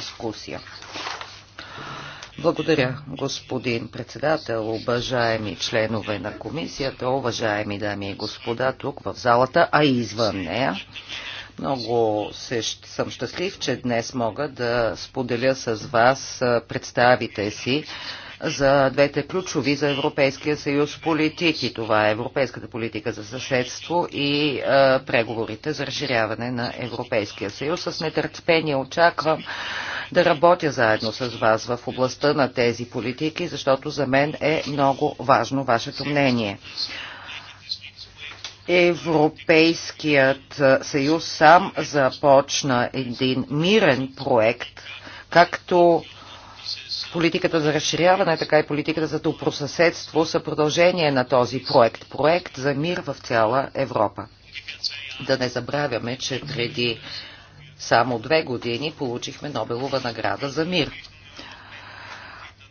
дискусия. Благодаря, господин председател, уважаеми членове на комисията, уважаеми дами и господа тук в залата, а и извън нея. Много се, съм щастлив, че днес мога да споделя с вас представите си за двете ключови за Европейския съюз политики. Това е европейската политика за съседство и е, преговорите за разширяване на Европейския съюз. С нетърпение очаквам да работя заедно с вас в областта на тези политики, защото за мен е много важно вашето мнение. Европейският съюз сам започна един мирен проект, както Политиката за разширяване, така и политиката за добросъседство са продължение на този проект. Проект за мир в цяла Европа. Да не забравяме, че преди само две години получихме Нобелова награда за мир.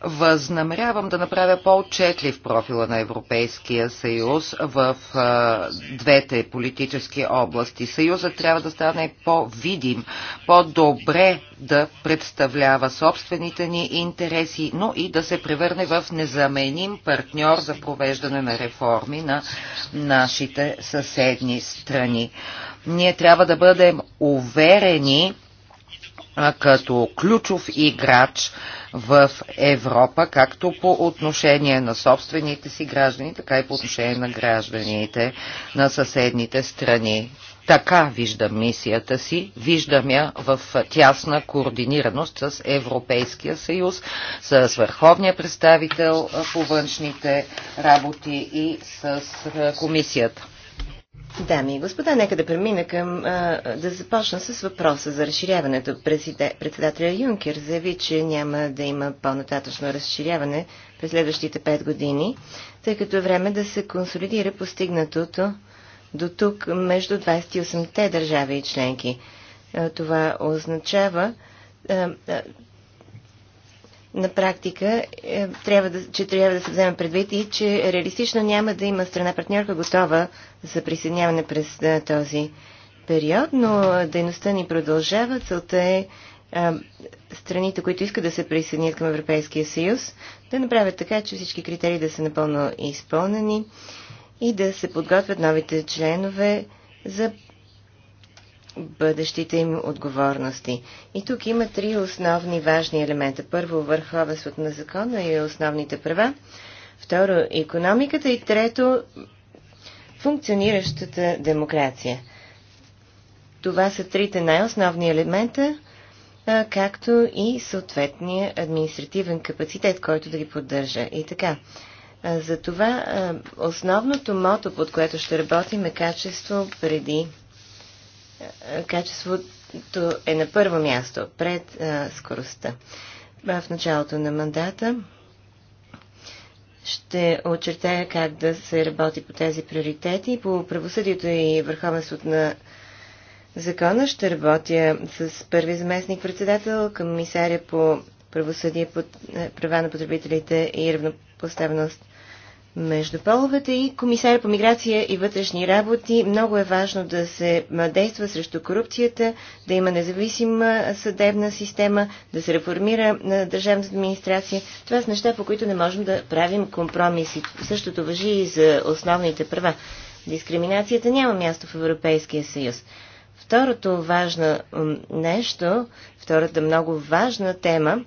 Възнамерявам да направя по-отчетлив профила на Европейския съюз в а, двете политически области. Съюзът трябва да стане по-видим, по-добре да представлява собствените ни интереси, но и да се превърне в незаменим партньор за провеждане на реформи на нашите съседни страни. Ние трябва да бъдем уверени, като ключов играч в Европа, както по отношение на собствените си граждани, така и по отношение на гражданите на съседните страни. Така виждам мисията си, виждам я в тясна координираност с Европейския съюз, с върховния представител по външните работи и с комисията. Дами и господа, нека да премина към да започна с въпроса за разширяването. Председателя Юнкер заяви, че няма да има по-нататъчно разширяване през следващите 5 години, тъй като е време да се консолидира постигнатото до тук между 28-те държави и членки. Това означава на практика, е, трябва да, че трябва да се вземе предвид и че реалистично няма да има страна партньорка готова за присъединяване през е, този период, но е, дейността ни продължава. Целта е, е страните, които искат да се присъединят към Европейския съюз, да направят така, че всички критерии да са напълно изпълнени и да се подготвят новите членове за бъдещите им отговорности. И тук има три основни важни елемента. Първо, върховенството на закона и основните права. Второ, економиката. И трето, функциониращата демокрация. Това са трите най-основни елемента, както и съответния административен капацитет, който да ги поддържа. И така, за това основното мото, под което ще работим е качество преди качеството е на първо място пред а, скоростта. В началото на мандата ще очертая как да се работи по тези приоритети. По правосъдието и върховенството на закона ще работя с първи заместник председател, комисаря по правосъдие, права на потребителите и равнопоставеност между половете и комисар по миграция и вътрешни работи. Много е важно да се действа срещу корупцията, да има независима съдебна система, да се реформира на държавната администрация. Това са неща, по които не можем да правим компромиси. Същото въжи и за основните права. Дискриминацията няма място в Европейския съюз. Второто важно нещо, втората много важна тема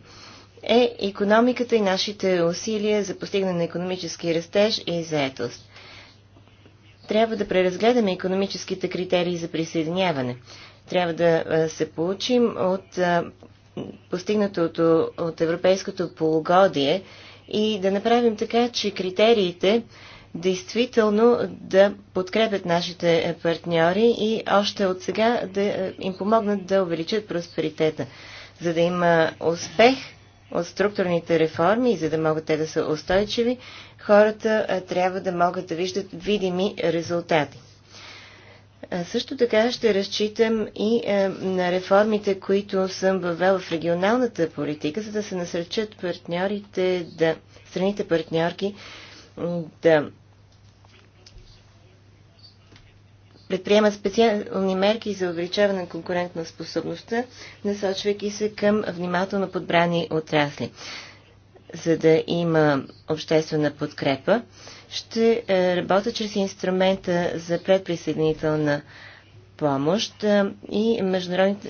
е економиката и нашите усилия за постигане на економически растеж и заетост. Трябва да преразгледаме економическите критерии за присъединяване. Трябва да се получим от постигнатото от европейското полугодие и да направим така, че критериите действително да подкрепят нашите партньори и още от сега да им помогнат да увеличат просперитета. За да има успех, от структурните реформи и за да могат те да са устойчиви, хората трябва да могат да виждат видими резултати. Също така ще разчитам и на реформите, които съм въвел в регионалната политика, за да се насърчат партньорите, да, страните партньорки да предприемат специални мерки за увеличаване на конкурентна способността, насочвайки се към внимателно подбрани отрасли. За да има обществена подкрепа, ще е, работя чрез инструмента за предприсъединителна помощ е, и,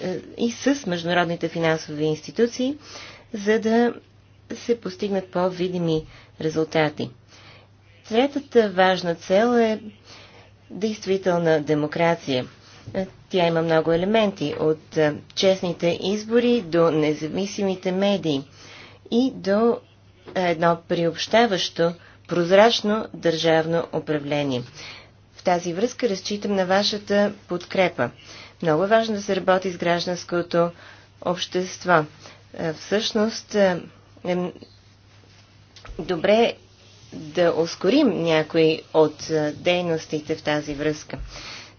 е, и с международните финансови институции, за да се постигнат по-видими резултати. Третата важна цел е действителна демокрация. Е, тя има много елементи, от е, честните избори до независимите медии и до е, едно приобщаващо, прозрачно държавно управление. В тази връзка разчитам на вашата подкрепа. Много е важно да се работи с гражданското общество. Всъщност, добре да ускорим някои от дейностите в тази връзка.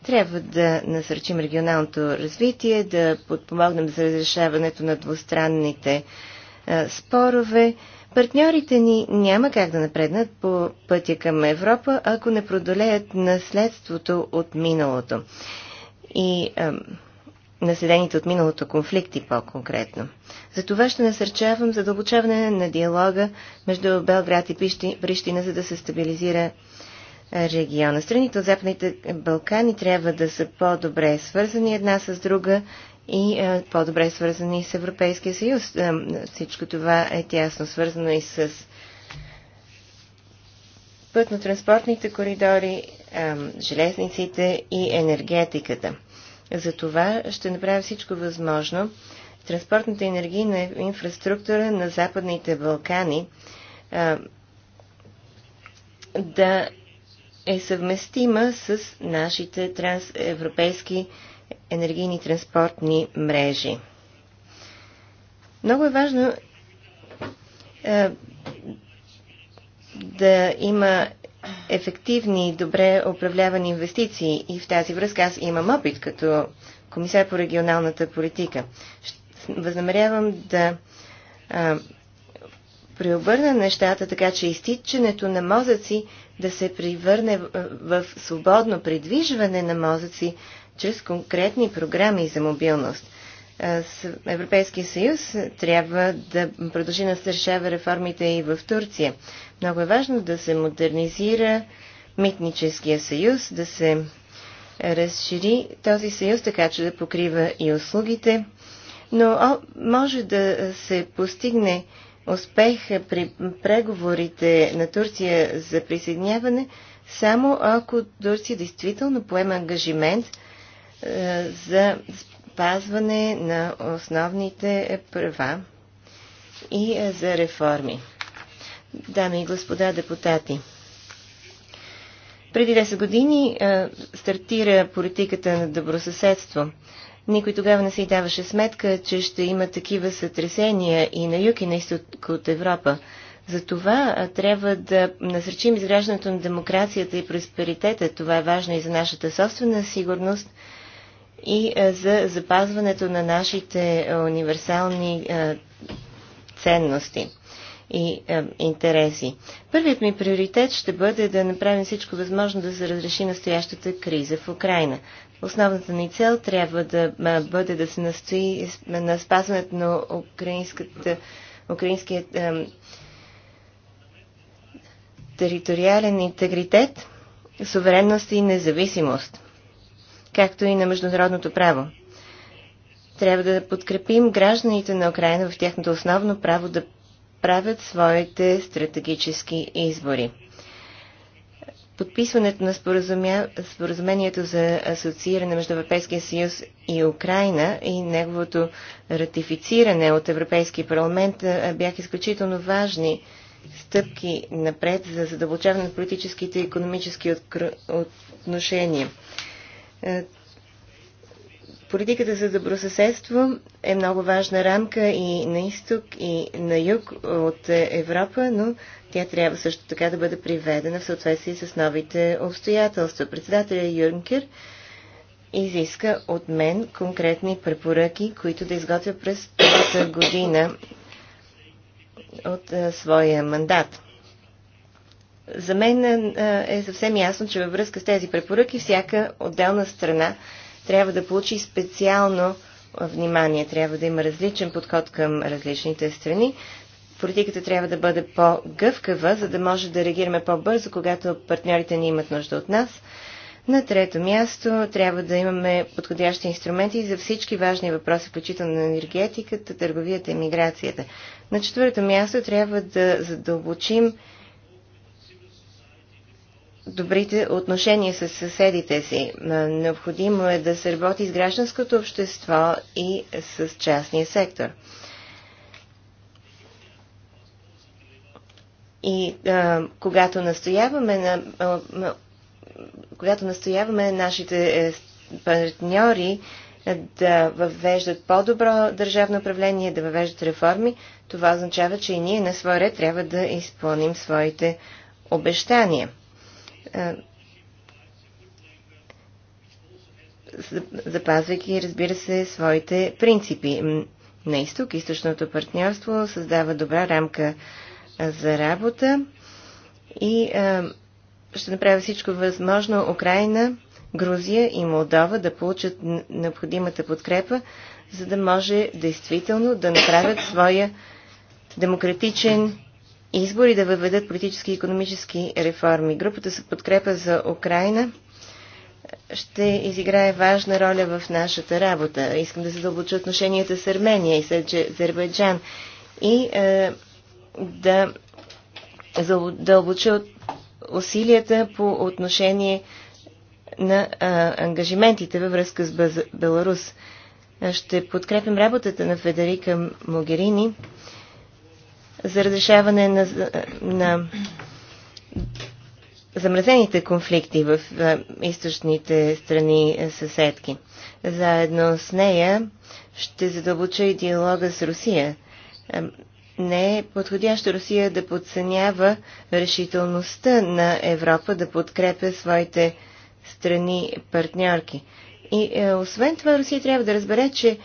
Трябва да насърчим регионалното развитие, да подпомогнем за разрешаването на двустранните спорове. Партньорите ни няма как да напреднат по пътя към Европа, ако не продолеят наследството от миналото. И Населените от миналото конфликти по-конкретно. За това ще насърчавам задълбочаване на диалога между Белград и Прищина, за да се стабилизира е, региона. Страните от Западните Балкани трябва да са по-добре свързани една с друга и е, по-добре свързани с Европейския съюз. Е, всичко това е тясно свързано и с пътно-транспортните коридори, железниците и енергетиката. За това ще направя всичко възможно транспортната енергийна инфраструктура на Западните Балкани а, да е съвместима с нашите трансевропейски енергийни транспортни мрежи. Много е важно а, да има ефективни и добре управлявани инвестиции. И в тази връзка аз имам опит като комисар по регионалната политика. Възнамерявам да а, преобърна нещата така, че изтичането на мозъци да се превърне в, в свободно придвижване на мозъци чрез конкретни програми за мобилност. Европейския съюз трябва да продължи съвършава реформите и в Турция. Много е важно да се модернизира митническия съюз, да се разшири този съюз, така че да покрива и услугите, но може да се постигне успех при преговорите на Турция за присъединяване, само ако Турция действително поема ангажимент за опазване на основните права и е, за реформи. Дами и господа депутати, преди 10 години а, е, стартира политиката на добросъседство. Никой тогава не се и даваше сметка, че ще има такива сътресения и на юг и на изток от Европа. Затова а, е, трябва да насречим изграждането на демокрацията и просперитета. Това е важно и за нашата собствена сигурност – и е, за запазването на нашите е, универсални е, ценности и е, интереси. Първият ми приоритет ще бъде да направим всичко възможно да се разреши настоящата криза в Украина. Основната ни цел трябва да бъде да се настои на спазването на украинският е, териториален интегритет, суверенност и независимост както и на международното право. Трябва да подкрепим гражданите на Украина в тяхното основно право да правят своите стратегически избори. Подписването на споразумя... споразумението за асоцииране между Европейския съюз и Украина и неговото ратифициране от Европейския парламент бяха изключително важни стъпки напред за задълбочаване на политическите и економически отношения. Е, политиката за добросъседство е много важна рамка и на изток, и на юг от Европа, но тя трябва също така да бъде приведена в съответствие с новите обстоятелства. Председателя Юнкер изиска от мен конкретни препоръки, които да изготвя през първата година от е, своя мандат. За мен е, е съвсем ясно, че във връзка с тези препоръки всяка отделна страна трябва да получи специално внимание. Трябва да има различен подход към различните страни. Политиката трябва да бъде по-гъвкава, за да може да реагираме по-бързо, когато партньорите ни имат нужда от нас. На трето място трябва да имаме подходящи инструменти за всички важни въпроси, включително на енергетиката, търговията и миграцията. На четвърто място трябва да задълбочим добрите отношения с съседите си. Необходимо е да се работи с гражданското общество и с частния сектор. И а, когато настояваме на, а, когато настояваме нашите е, партньори е, да въвеждат по-добро държавно управление, да въвеждат реформи, това означава, че и ние на своя ред трябва да изпълним своите обещания. Е, запазвайки, разбира се, своите принципи. На изток, източното партньорство създава добра рамка за работа и ще направя всичко възможно Украина, Грузия и Молдова да получат необходимата подкрепа, за да може действително да направят своя демократичен избори да въведат политически и економически реформи. Групата за подкрепа за Украина ще изиграе важна роля в нашата работа. Искам да се задълбоча отношенията с Армения и с Азербайджан и е, да задълбоча усилията по отношение на е, ангажиментите във връзка с Беларус. Е, ще подкрепим работата на Федерика Могерини за разрешаване на, на замразените конфликти в източните страни съседки. Заедно с нея ще задълбоча и диалога с Русия. Не е подходящо Русия да подценява решителността на Европа да подкрепя своите страни партньорки. И е, освен това Русия трябва да разбере, че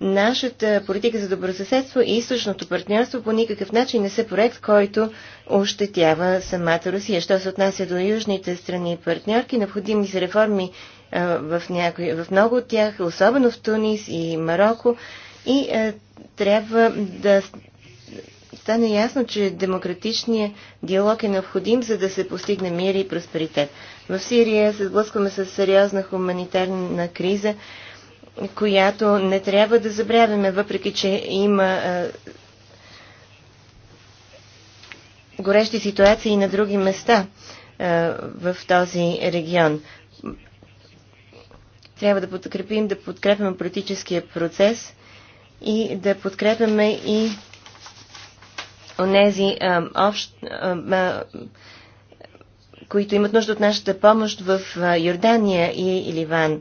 нашата политика за добросъседство и източното партньорство по никакъв начин не са проект, който ощетява самата Русия. Що се отнася до южните страни и партньорки, необходими са реформи в, някои, в много от тях, особено в Тунис и Марокко. И е, трябва да стане ясно, че демократичният диалог е необходим, за да се постигне мир и просперитет. В Сирия се сблъскваме с сериозна хуманитарна криза която не трябва да забравяме, въпреки че има а, горещи ситуации на други места а, в този регион. Трябва да подкрепим, да подкрепяме политическия процес и да подкрепяме и онези а, общ, а, които имат нужда от нашата помощ в Йордания и Ливан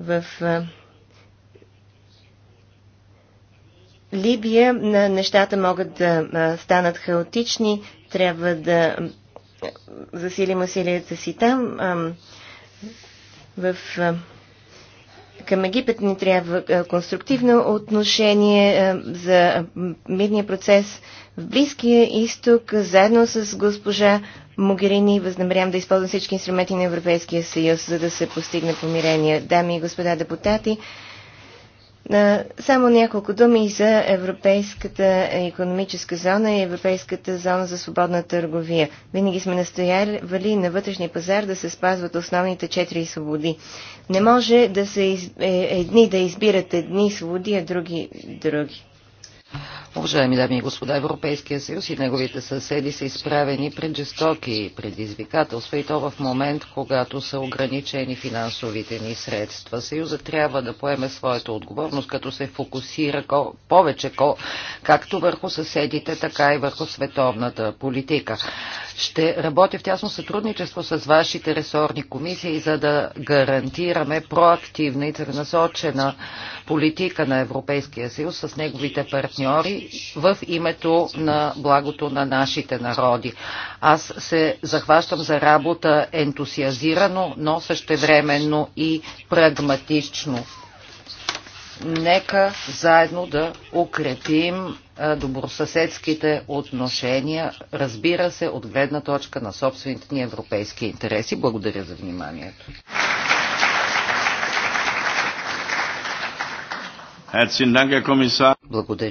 в Либия нещата могат да станат хаотични, трябва да засилим усилията си там. В, към Египет ни трябва конструктивно отношение за мирния процес в Близкия изток, заедно с госпожа Могерини възнамерявам да използвам всички инструменти на Европейския съюз, за да се постигне помирение. Дами и господа депутати, само няколко думи за Европейската економическа зона и Европейската зона за свободна търговия. Винаги сме настоявали на вътрешния пазар да се спазват основните четири свободи. Не може да се из... Е, едни да избират едни свободи, а други други. Уважаеми дами и господа, Европейския съюз и неговите съседи са изправени пред жестоки предизвикателства и то в момент, когато са ограничени финансовите ни средства. Съюза трябва да поеме своята отговорност, като се фокусира повече както върху съседите, така и върху световната политика. Ще работя в тясно сътрудничество с вашите ресорни комисии, за да гарантираме проактивна и целенасочена политика на Европейския съюз с неговите партньори партньори в името на благото на нашите народи. Аз се захващам за работа ентусиазирано, но същевременно и прагматично. Нека заедно да укрепим добросъседските отношения, разбира се, от гледна точка на собствените ни европейски интереси. Благодаря за вниманието. Благодаря.